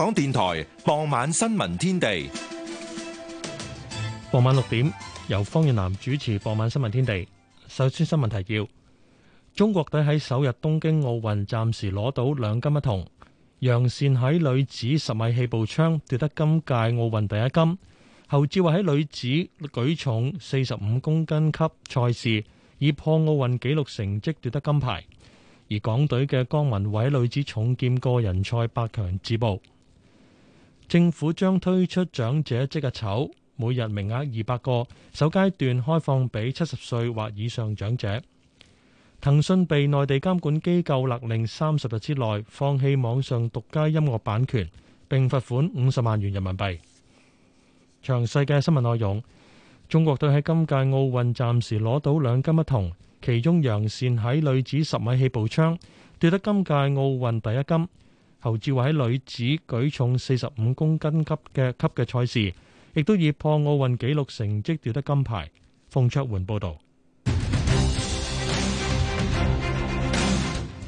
港電台傍晚新聞天地，傍晚六點由方遠南主持。傍晚新聞天地，首先新聞提要：中國隊喺首日東京奧運暫時攞到兩金一銅。楊善喺女子十米氣步槍奪得今屆奧運第一金。侯志慧喺女子舉重四十五公斤級賽事以破奧運紀錄成績奪得金牌。而港隊嘅江文偉女子重劍個人賽八強止步。政府將推出長者即日籌，每日名額二百個，首階段開放俾七十歲或以上長者。騰訊被內地監管機構勒令三十日之內放棄網上獨家音樂版權，並罰款五十萬元人民幣。詳細嘅新聞內容，中國隊喺今屆奧運暫時攞到兩金一銅，其中楊倩喺女子十米氣步槍奪得今屆奧運第一金。侯志偉喺女子舉重四十五公斤級嘅級嘅賽事，亦都以破奧運紀錄成績奪得金牌。鳳卓媛報道。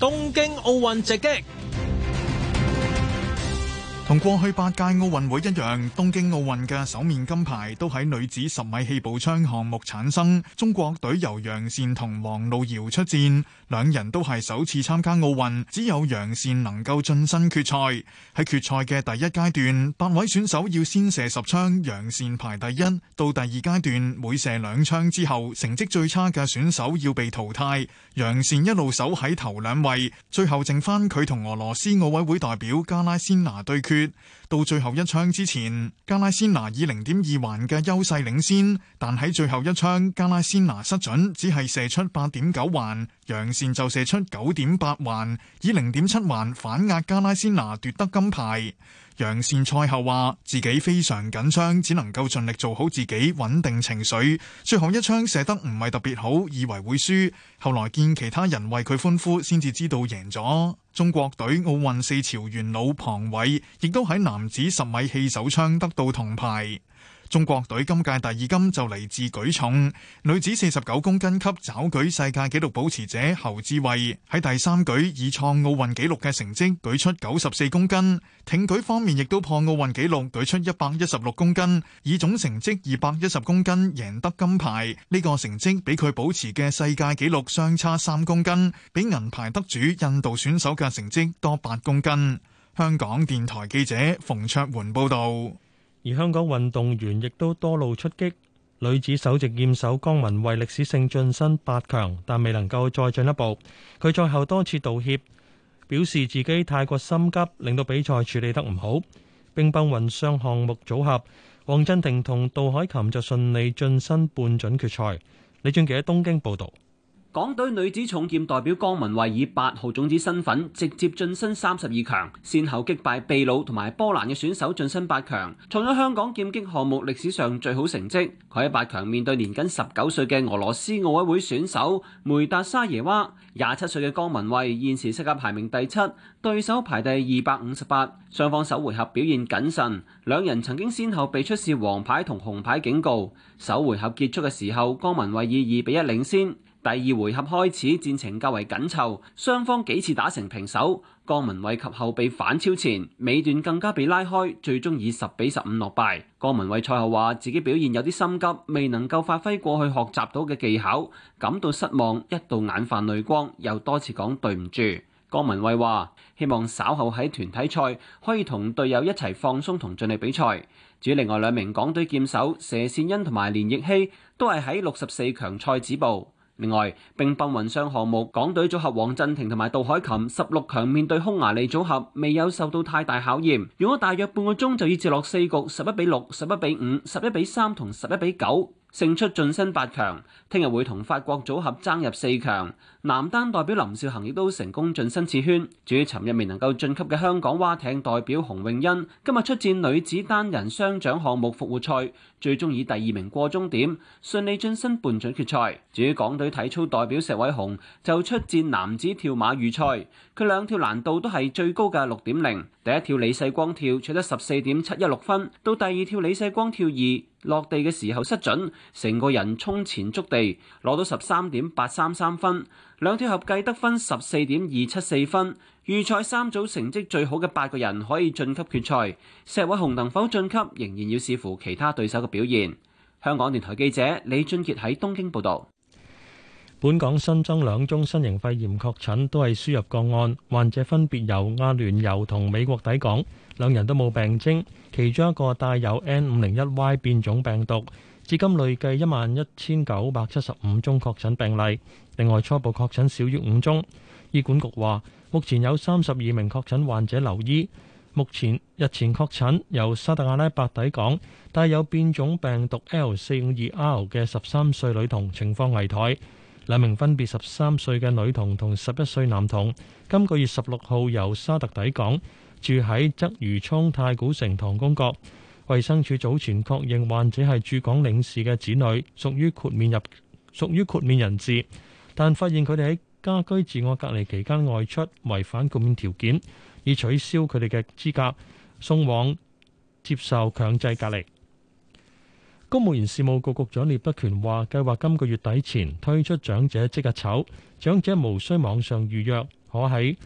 東京奧運直擊。同過去八屆奧運會一樣，東京奧運嘅首面金牌都喺女子十米氣步槍項目產生。中國隊由楊倩同王璐瑤出戰，兩人都係首次參加奧運，只有楊倩能夠晉身決賽。喺決賽嘅第一階段，八位選手要先射十槍，楊倩排第一。到第二階段，每射兩槍之後，成績最差嘅選手要被淘汰。楊倩一路守喺頭兩位，最後剩翻佢同俄羅斯奧委會代表加拉先拿對決。到最後一槍之前，加拉仙拿以零點二環嘅優勢領先，但喺最後一槍，加拉仙拿失準，只係射出八點九環，楊善就射出九點八環，以零點七環反壓加拉仙拿奪得金牌。楊善賽後話：自己非常緊張，只能夠盡力做好自己，穩定情緒。最後一槍射得唔係特別好，以為會輸，後來見其他人為佢歡呼，先至知道贏咗。中國隊奧運四朝元老龐偉，亦都喺男子十米氣手槍得到銅牌。中國隊今屆第二金就嚟自舉重，女子四十九公斤級抓舉世界紀錄保持者侯志慧喺第三舉以創奧運紀錄嘅成績舉出九十四公斤，挺舉方面亦都破奧運紀錄舉出一百一十六公斤，以總成績二百一十公斤贏得金牌。呢、這個成績比佢保持嘅世界紀錄相差三公斤，比銀牌得主印度選手嘅成績多八公斤。香港電台記者馮卓桓報道。而香港運動員亦都多路出擊，女子首席劍手江旻憓歷史性晉身八強，但未能夠再進一步。佢賽後多次道歉，表示自己太過心急，令到比賽處理得唔好。乒乓混雙項目組合黃鎮廷同杜凱琹就順利晉身半準決賽，李俊傑喺東京報道。港隊女子重劍代表江文蔚以八號種子身份直接晉身三十二強，先後擊敗秘魯同埋波蘭嘅選手晉身八強，創咗香港劍擊項目歷史上最好成績。佢喺八強面對年僅十九歲嘅俄羅斯奧委會選手梅達沙耶娃，廿七歲嘅江文蔚現時世界排名第七，對手排第二百五十八。雙方首回合表現謹慎，兩人曾經先後被出示黃牌同紅牌警告。首回合結束嘅時候，江文蔚以二比一領先。第二回合開始，戰情較為緊湊，雙方幾次打成平手。江文蔚及後被反超前，尾段更加被拉開，最終以十比十五落敗。江文蔚賽後話自己表現有啲心急，未能夠發揮過去學習到嘅技巧，感到失望，一度眼泛淚光，又多次講對唔住。江文蔚話希望稍後喺團體賽可以同隊友一齊放鬆同盡力比賽。至於另外兩名港隊劍手佘善恩同埋連奕希都，都係喺六十四強賽止步。另外，乒乓混雙項目，港隊組合黃鎮廷同埋杜海琴十六強面對匈牙利組合，未有受到太大考驗，用咗大約半個鐘就已接落四局，十一比六、十一比五、十一比三同十一比九。勝出晉身八強，聽日會同法國組合爭入四強。男單代表林少恒亦都成功晉身次圈。至於尋日未能夠晉級嘅香港蛙艇代表洪詠欣，今日出戰女子單人雙槳項目復活賽，最終以第二名過終點，順利晉身半準決賽。至於港隊體操代表石偉雄，就出戰男子跳馬預賽，佢兩跳難度都係最高嘅六點零。第一跳李世光跳取得十四點七一六分，到第二跳李世光跳二，落地嘅時候失準，成個人衝前捉地，攞到十三點八三三分，兩跳合計得分十四點二七四分。預賽三組成績最好嘅八個人可以晉級決賽，石偉雄能否晉級仍然要視乎其他對手嘅表現。香港電台記者李俊傑喺東京報導。本港新增兩宗新型肺炎確診，都係輸入個案，患者分別由阿聯酋同美國抵港。兩人都冇病徵，其中一個帶有 N 五零一 Y 變種病毒，至今累計一萬一千九百七十五宗確診病例，另外初步確診少於五宗。醫管局話，目前有三十二名確診患者留醫。目前日前確診由沙特阿拉伯抵港，帶有變種病毒 L 四五二 R 嘅十三歲女童情況危殆。兩名分別十三歲嘅女童同十一歲男童，今個月十六號由沙特抵港，住喺鰂魚涌太古城唐公閣，衛生署早前確認患者係駐港領事嘅子女，屬於豁免入，屬於豁免人士，但發現佢哋喺家居自我隔離期間外出，違反豁免條件，以取消佢哋嘅資格，送往接受強制隔離。公務員事務局局長聶德權話：計劃今個月底前推出長者即日籌，長者無需網上預約，可喺。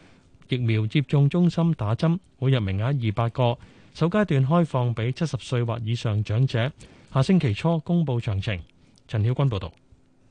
疫苗接種中心打針，每日名額二百個，首階段開放俾七十歲或以上長者，下星期初公布詳情。陳曉君報道。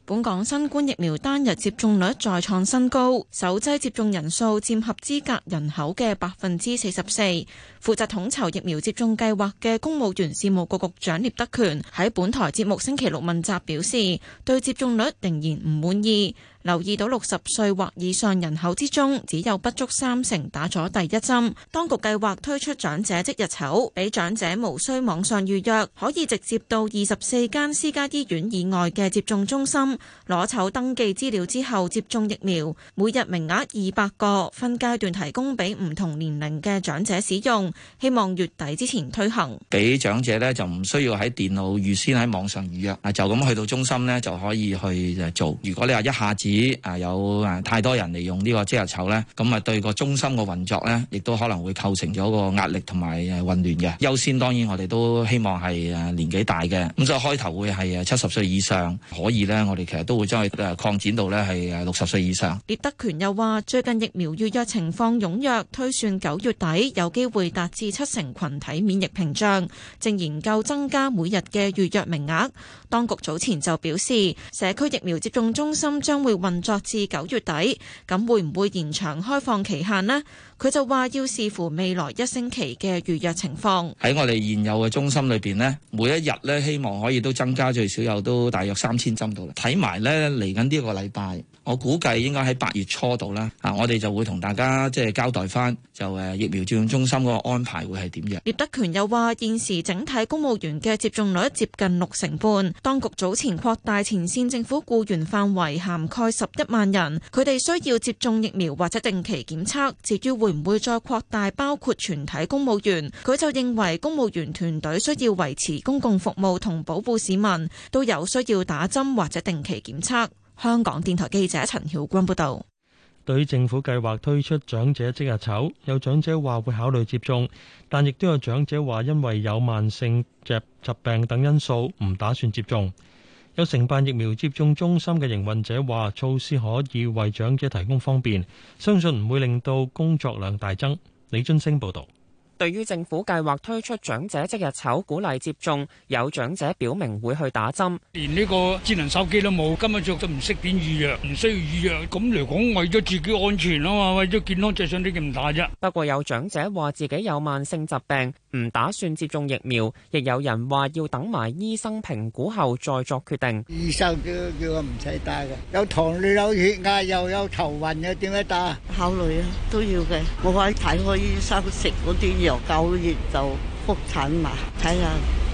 本港新冠疫苗單日接種率再創新高，首劑接種人數佔合資格人口嘅百分之四十四。負責統籌疫苗接種計劃嘅公務員事務局局長聶德權喺本台節目星期六問責表示，對接種率仍然唔滿意。留意到六十歲或以上人口之中，只有不足三成打咗第一針。當局計劃推出長者即日籌，俾長者無需網上預約，可以直接到二十四間私家醫院以外嘅接種中心攞籌，登記資料之後接種疫苗。每日名額二百個，分階段提供俾唔同年齡嘅長者使用。希望月底之前推行。俾長者呢，就唔需要喺電腦預先喺網上預約，啊就咁去到中心呢，就可以去做。如果你話一下子。啊、哎！有啊太多人嚟用呢個遮日籌咧，咁啊對個中心嘅運作咧，亦都可能會構成咗個壓力同埋誒混亂嘅。優先當然我哋都希望係誒年紀大嘅，咁所以開頭會係七十歲以上可以咧。我哋其實都會將佢擴展到咧係六十歲以上。聶德權又話，最近疫苗預約情況踴躍，推算九月底有機會達至七成群體免疫屏障，正研究增加每日嘅預約名額。當局早前就表示，社區疫苗接種中心將會運作至九月底，咁會唔會延長開放期限呢？佢就話要視乎未來一星期嘅預約情況。喺我哋現有嘅中心裏邊呢，每一日呢，希望可以都增加最少有都大約三千針度啦。睇埋呢嚟緊呢個禮拜，我估計應該喺八月初度啦。啊，我哋就會同大家即係交代翻，就誒疫苗接種中心嗰個安排會係點樣。聶德權又話，現時整體公務員嘅接種率接近六成半。當局早前擴大前線政府僱員範圍，涵蓋十一萬人，佢哋需要接種疫苗或者定期檢測。至於會唔會再擴大包括全體公務員，佢就認為公務員團隊需要維持公共服務同保護市民，都有需要打針或者定期檢測。香港電台記者陳曉君報導。對於政府計劃推出長者即日籌，有長者話會考慮接種，但亦都有長者話因為有慢性疾疾病等因素，唔打算接種。有承辦疫苗接種中心嘅營運者話，措施可以為長者提供方便，相信唔會令到工作量大增。李津升報道。對於政府計劃推出長者即日籌，鼓勵接種，有長者表明會去打針。連呢個智能手機都冇，今日着就唔識點預約，唔需要預約。咁嚟講，為咗自己安全啊嘛，為咗健康着想，點解唔打啫？不過有長者話自己有慢性疾病，唔打算接種疫苗。亦有人話要等埋醫生評估後再作決定。醫生叫叫我唔使打嘅，有糖尿有血壓又有頭暈嘅，點樣打？考慮啊，都要嘅。我喺睇開醫生食嗰啲藥。九月就復診嘛，睇下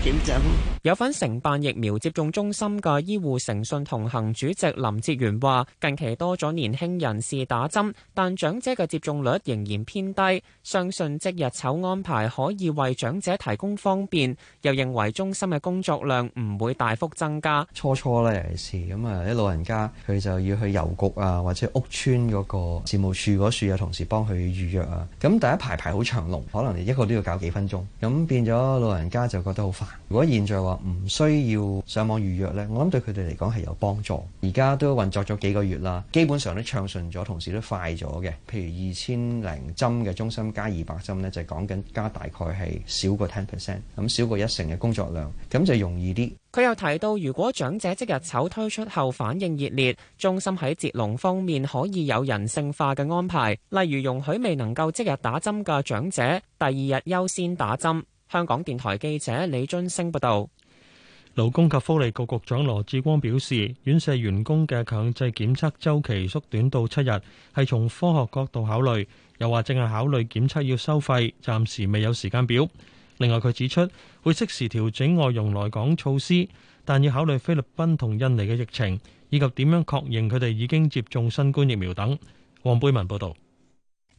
點整。有份承辦疫苗接種中心嘅醫護誠信同行主席林哲元話，近期多咗年輕人士打針，但長者嘅接種率仍然偏低。相信即日籌安排可以為長者提供方便，又認為中心嘅工作量唔會大幅增加。初初呢，尤其是咁啊，啲老人家佢就要去郵局啊，或者屋邨嗰個事務處嗰處，有同事幫佢預約啊。咁第一排排好長龍，可能你一個都要搞幾分鐘，咁變咗老人家就覺得好煩。如果現在話，唔需要上網預約呢，我諗對佢哋嚟講係有幫助。而家都運作咗幾個月啦，基本上都暢順咗，同時都快咗嘅。譬如二千零針嘅中心加二百針呢，就係講緊加大概係少過 ten percent，咁少過一成嘅工作量，咁就容易啲。佢又提到，如果長者即日籌推出後反應熱烈，中心喺接龍方面可以有人性化嘅安排，例如容許未能夠即日打針嘅長者第二日優先打針。香港電台記者李津升報道。勞工及福利局局長羅志光表示，院舍員工嘅強制檢測週期縮短到七日，係從科學角度考慮。又話正係考慮檢測要收費，暫時未有時間表。另外，佢指出會適時調整外傭來港措施，但要考慮菲律賓同印尼嘅疫情，以及點樣確認佢哋已經接種新冠疫苗等。黃貝文報道。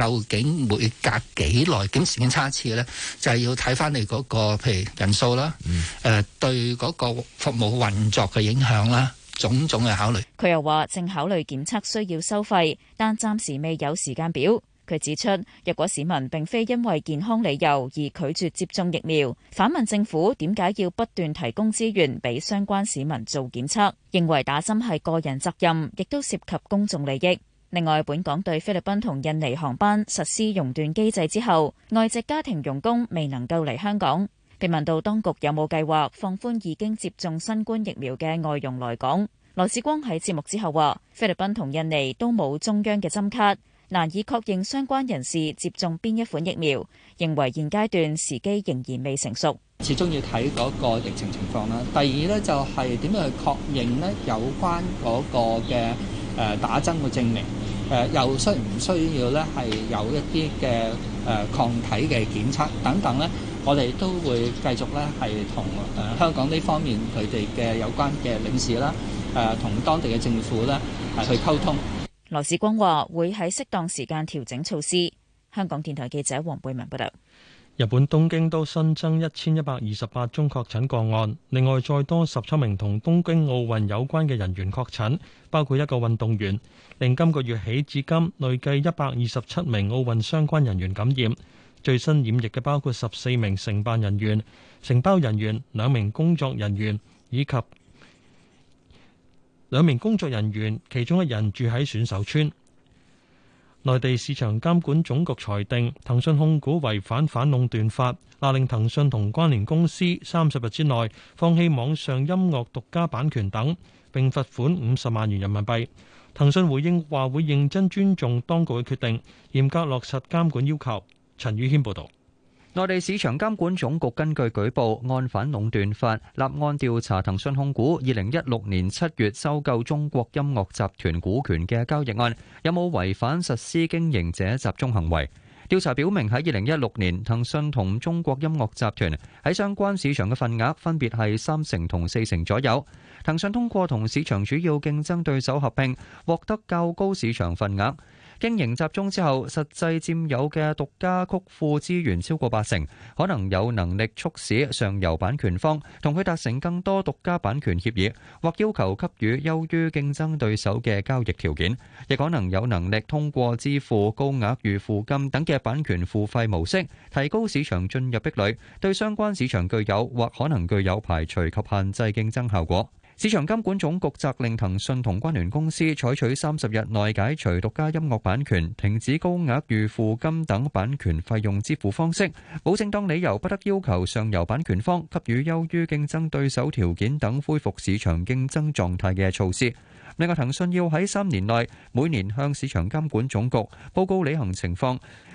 究竟每隔幾耐點時間差次呢，就係要睇翻你嗰個譬如人數啦，嗯，誒對嗰個服務運作嘅影響啦，種種嘅考慮。佢又話正考慮檢測需要收費，但暫時未有時間表。佢指出，若果市民並非因為健康理由而拒絕接種疫苗，反問政府點解要不斷提供資源俾相關市民做檢測，認為打針係個人責任，亦都涉及公眾利益。另外，本港對菲律賓同印尼航班實施熔斷機制之後，外籍家庭傭工未能夠嚟香港。被問到當局有冇計劃放寬已經接種新冠疫苗嘅外傭來港，羅致光喺節目之後話，菲律賓同印尼都冇中央嘅針卡，難以確認相關人士接種邊一款疫苗，認為現階段時機仍然未成熟。始終要睇嗰個疫情情況啦。第二呢就係點樣去確認呢有關嗰個嘅。誒打針嘅證明，誒、呃、又需唔需要咧？係有一啲嘅誒抗體嘅檢測等等咧，我哋都會繼續咧係同誒香港呢方面佢哋嘅有關嘅領事啦，誒、呃、同當地嘅政府咧係、啊、去溝通。羅致光話：會喺適當時間調整措施。香港電台記者黃貝文報道。日本東京都新增一千一百二十八宗確診個案，另外再多十七名同東京奧運有關嘅人員確診，包括一個運動員。令今個月起至今累計一百二十七名奧運相關人員感染，最新染疫嘅包括十四名承辦人員、承包人員、兩名工作人員以及兩名工作人員，其中一人住喺選手村。內地市場監管總局裁定騰訊控股違反反壟斷法，勒令騰訊同關聯公司三十日之內放棄網上音樂獨家版權等，並罰款五十萬元人民幣。騰訊回應話會認真尊重當局嘅決定，嚴格落實監管要求。陳宇謙報道。內地市場監管總局根據舉報，按反壟斷法立案調查騰訊控股二零一六年七月收購中國音樂集團股權嘅交易案，有冇違反實施經營者集中行為？調查表明喺二零一六年，騰訊同中國音樂集團喺相關市場嘅份額分別係三成同四成左右。騰訊通過同市場主要競爭對手合併，獲得較高市場份額。經營集中之後，實際佔有嘅獨家曲庫資源超過八成，可能有能力促使上游版權方同佢達成更多獨家版權協議，或要求給予優於競爭對手嘅交易條件，亦可能有能力通過支付高額預付金等嘅版權付費模式，提高市場進入壁壘，對相關市場具有或可能具有排除及限制競爭效果。市場監管總局責令騰訊同關聯公司採取三十日內解除獨家音樂版權，停止高額預付金等版權費用支付方式，保證當理由不得要求上游版權方給予優於競爭對手條件等恢復市場競爭狀態嘅措施。另外騰訊要喺三年內每年向市場監管總局報告履行情況。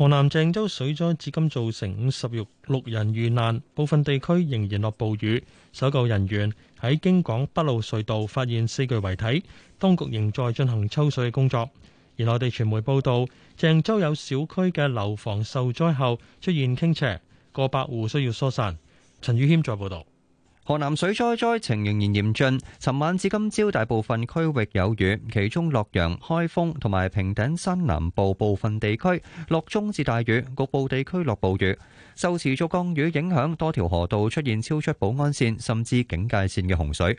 河南鄭州水災至今造成五十六人遇難，部分地區仍然落暴雨。搜救人員喺京廣北路隧道發現四具遺體，當局仍在進行抽水嘅工作。而內地傳媒報道，鄭州有小區嘅樓房受災後出現傾斜，過百戶需要疏散。陳宇謙再報道。河南水災災情仍然嚴峻，尋晚至今朝大部分區域有雨，其中洛陽開封同埋平頂山南部部分地區落中至大雨，局部地區落暴雨。受持續降雨影響，多條河道出現超出保安線甚至警戒線嘅洪水。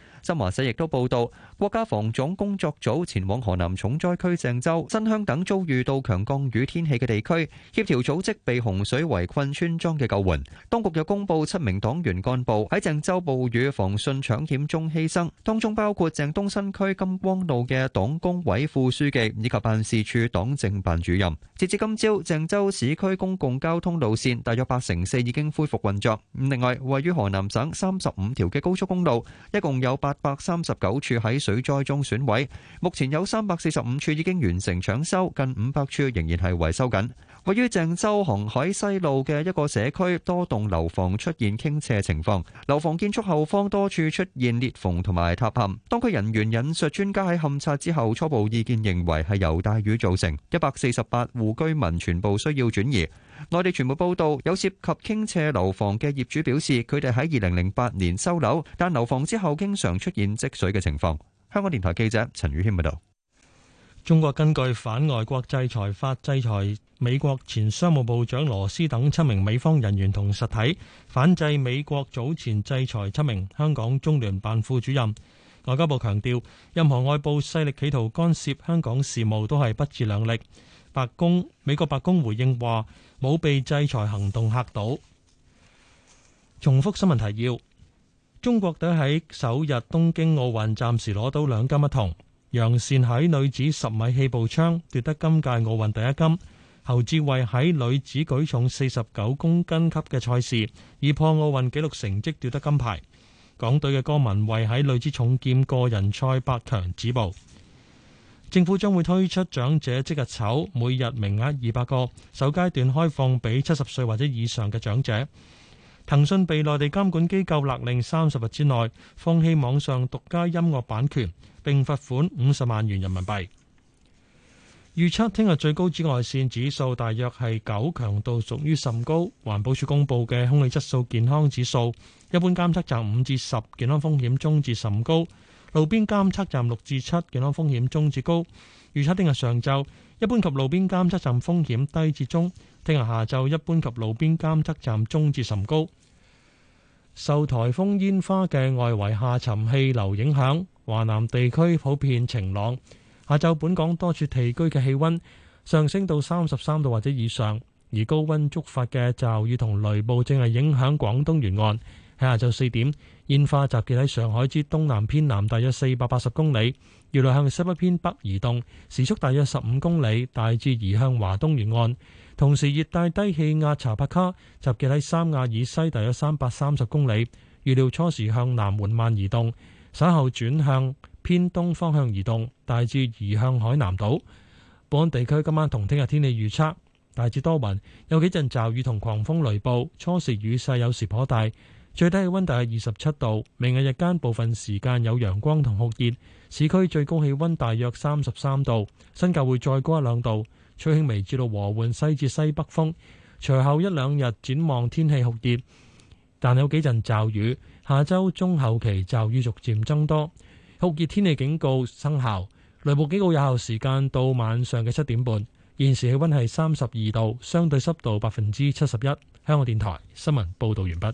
新華社亦都報道，國家防總工作組前往河南重災區鄭州、新鄉等遭遇到強降雨天氣嘅地區，協調組織被洪水圍困村莊嘅救援。當局又公布七名黨員幹部喺鄭州暴雨防汛搶險中犧牲，當中包括鄭東新區金光路嘅黨工委副書記以及辦事處黨政辦主任。截至今朝，鄭州市區公共交通路綫大約八成四已經恢復運作。咁另外，位於河南省三十五條嘅高速公路，一共有八。八百三十九處喺水災中損毀，目前有三百四十五處已經完成搶修，近五百處仍然係維修緊。位於鄭州航海西路嘅一個社區，多棟樓房出現傾斜情況，樓房建築後方多處出現裂縫同埋塌陷。當區人員引述專家喺勘察之後初步意見認為係由大雨造成，一百四十八戶居民全部需要轉移。內地傳媒報道，有涉及傾斜樓房嘅業主表示，佢哋喺二零零八年收樓，但樓房之後經常出現積水嘅情況。香港電台記者陳宇謙報道。中國根據反外國制裁法制裁美國前商務部長羅斯等七名美方人員同實體，反制美國早前制裁七名香港中聯辦副主任。外交部強調，任何外部勢力企圖干涉香港事務都係不自量力。白宮美國白宮回應話冇被制裁行動吓到。重複新聞提要：中國隊喺首日東京奧運暫時攞到兩金一銅，楊倩喺女子十米氣步槍奪得今屆奧運第一金，侯志慧喺女子舉重四十九公斤級嘅賽事以破奧運紀錄成績奪得金牌。港隊嘅江旻憓喺女子重劍個人賽八強止步。政府將會推出長者即日籌，每日名額二百個，首階段開放俾七十歲或者以上嘅長者。騰訊被內地監管機構勒令三十日之內放棄網上獨家音樂版權，並罰款五十萬元人民幣。預測聽日最高紫外線指數大約係九，強度屬於甚高。環保署公布嘅空氣質素健康指數，一般監測站五至十，健康風險中至甚高。路邊監測站六至七，健康風險中至高。預測聽日上晝一般及路邊監測站風險低至中，聽日下晝一般及路邊監測站中至甚高。受台風煙花嘅外圍下沉氣流影響，華南地區普遍晴朗。下晝本港多處地區嘅氣溫上升到三十三度或者以上，而高溫觸發嘅驟雨同雷暴正係影響廣東沿岸。下晝四點，煙花集結喺上海至東南偏南，大約四百八十公里，預料向西北偏北移動，時速大約十五公里，大致移向華東沿岸。同時，熱帶低氣壓查帕卡集結喺三亞以西，大約三百三十公里，預料初時向南緩慢移動，稍後轉向偏東方向移動，大致移向海南島。本地區今晚同聽日天氣預測大致多雲，有幾陣驟雨同狂風雷暴，初時雨勢有時頗大。最低氣溫大約二十七度，明日日間部分時間有陽光同酷熱，市區最高氣溫大約三十三度，新界會再高一兩度，吹輕微至到和緩西至西北風。隨後一兩日展望天氣酷熱，但有幾陣驟雨，下周中後期驟雨逐漸增多，酷熱天氣警告生效，雷暴警告有效時間到晚上嘅七點半。現時氣溫係三十二度，相對濕度百分之七十一。香港電台新聞報道完畢。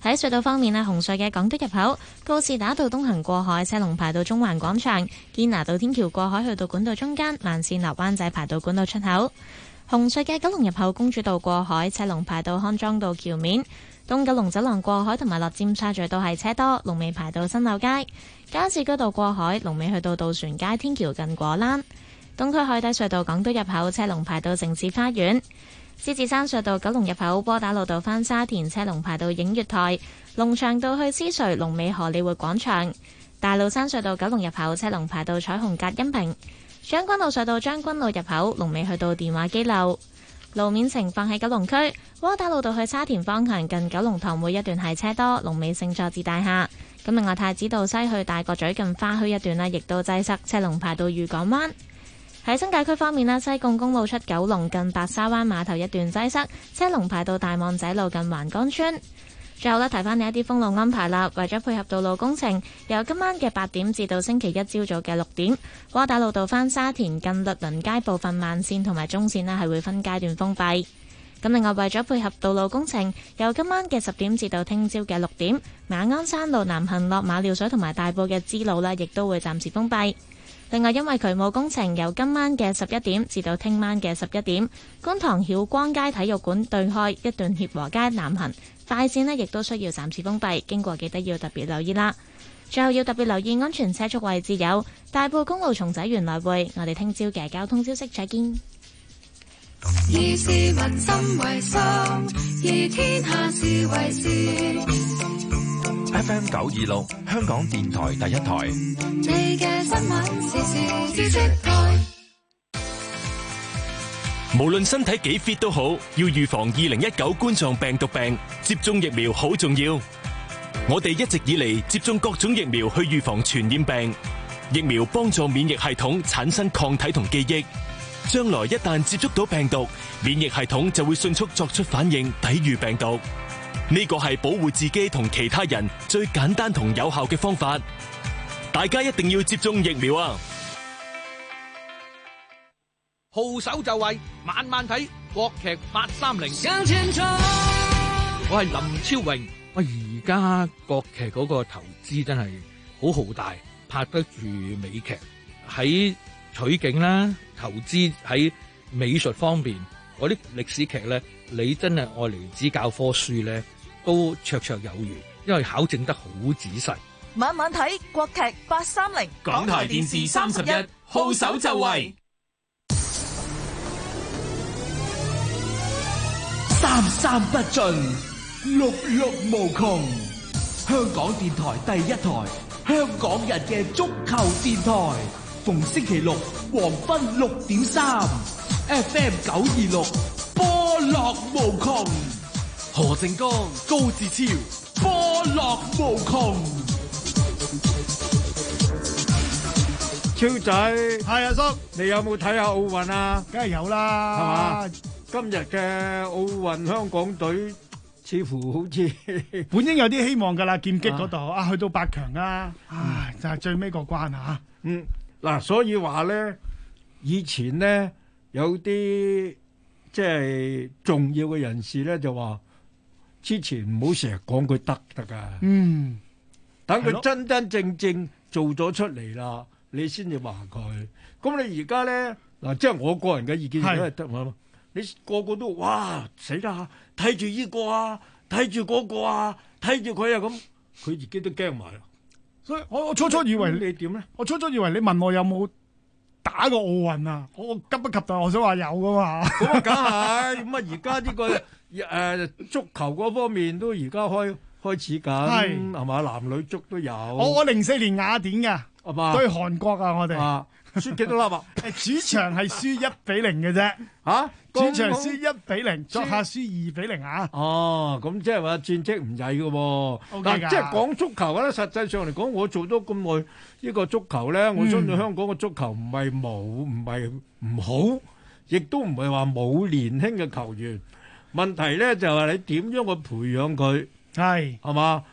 喺隧道方面咧，紅隧嘅港島入口，告士打道東行過海，車龍排到中環廣場；堅拿道天橋過海去到管道中間，慢線由灣仔排到管道出口。紅隧嘅九龍入口，公主道過海，車龍排到康莊道橋面；東九龍走廊過海同埋落尖沙咀都係車多，龍尾排到新樓街。加士居道過海，龍尾去到渡船街天橋近果欄。東區海底隧道港島入口，車龍排到城市花園。獅子山隧道九龍入口，窩打老道返沙田車龍排到映月台；龍翔道去獅隧龍尾，荷里活廣場；大老山隧道九龍入口，車龍排到彩虹隔音屏；將軍路隧道將軍路入口，龍尾去到電話機樓。路面情況喺九龍區，窩打老道去沙田方向近九龍塘每一段係車多，龍尾聖佐治大廈。噉另外，太子道西去大角咀近花墟一段呢亦都擠塞，車龍排到御港灣。喺新界區方面啦，西貢公路出九龍近白沙灣碼頭一段擠塞，車龍排到大望仔路近橫江村。最後咧，提返你一啲封路安排啦。為咗配合道路工程，由今晚嘅八點至到星期一朝早嘅六點，窩打老道翻沙田近律倫街部分慢線同埋中線咧，係會分階段封閉。咁另外為咗配合道路工程，由今晚嘅十點至到聽朝嘅六點，馬鞍山路南行落馬料水同埋大埔嘅支路咧，亦都會暫時封閉。另外，因為渠務工程，由今晚嘅十一點至到聽晚嘅十一點，觀塘曉光街體育館對開一段協和街南行快線呢，亦都需要暫時封閉，經過記得要特別留意啦。最後要特別留意安全車速位置，有大埔公路松仔園來回。我哋聽朝嘅交通消息，再見。以市民心為心，以天下事為事。FM 九二六，香港電台第一台。無論身體幾 fit 都好，要預防二零一九冠狀病毒病，接種疫苗好重要。我哋一直以嚟接種各種疫苗去預防傳染病。疫苗幫助免疫系統產生抗體同記憶，將來一旦接觸到病毒，免疫系統就會迅速作出反應抵禦病毒。呢個係保護自己同其他人最簡單同有效嘅方法，大家一定要接種疫苗啊！號手就位，慢慢睇國劇八三零。我係林超榮，我而家國劇嗰個投資真係好豪大，拍得住美劇，喺取景啦，投資喺美術方面，嗰啲歷史劇咧，你真係愛嚟指教科書咧。都綽綽有餘，因為考證得好仔細。慢慢睇國劇八三零，港台電視三十一，號手就位。三三不盡，六六無窮。香港電台第一台，香港人嘅足球電台，逢星期六黃昏六點三，FM 九二六，波樂無窮。何靖江、高志超，科樂無窮。超仔，係阿、啊、叔，你有冇睇下奧運啊？梗係有啦，係嘛吧？啊、今日嘅奧運香港隊似乎好似 本應有啲希望噶啦，劍擊嗰度啊，去到八強啦、啊。唉、啊，嗯、就係最尾個關啊！嗯，嗱、啊，所以話咧，以前咧有啲即係重要嘅人士咧，就話。.之前唔好成日講佢得得噶，嗯，等佢真真正正做咗出嚟啦，的你先至話佢。咁你而家咧嗱，即係我個人嘅意見都係得嘛？的你個個都哇死啦！睇住依個啊，睇住嗰個啊，睇住佢啊咁，佢自己都驚埋所以，我我初初以為你點咧？我初初以為你問我有冇打過奧運啊？我急不及待，我想話有噶嘛。咁啊，梗係咁啊！而家呢個。 誒、嗯，足球嗰方面都而家開開始緊，係嘛是男女足都有。我我零四年雅典嘅，係嘛對韓國啊，我哋輸幾多粒啊？誒， 主場係輸一比零嘅啫，吓、啊、主場輸一比零輸，作客輸二比零啊。哦、啊，咁即係話戰績唔曳嘅。O、okay、噶的。即係講足球咧，實際上嚟講，我做咗咁耐呢個足球咧，我相信香港嘅足球唔係冇，唔係唔好，亦都唔係話冇年輕嘅球員。問題咧就係、是、你點樣去培養佢，係是，係嘛？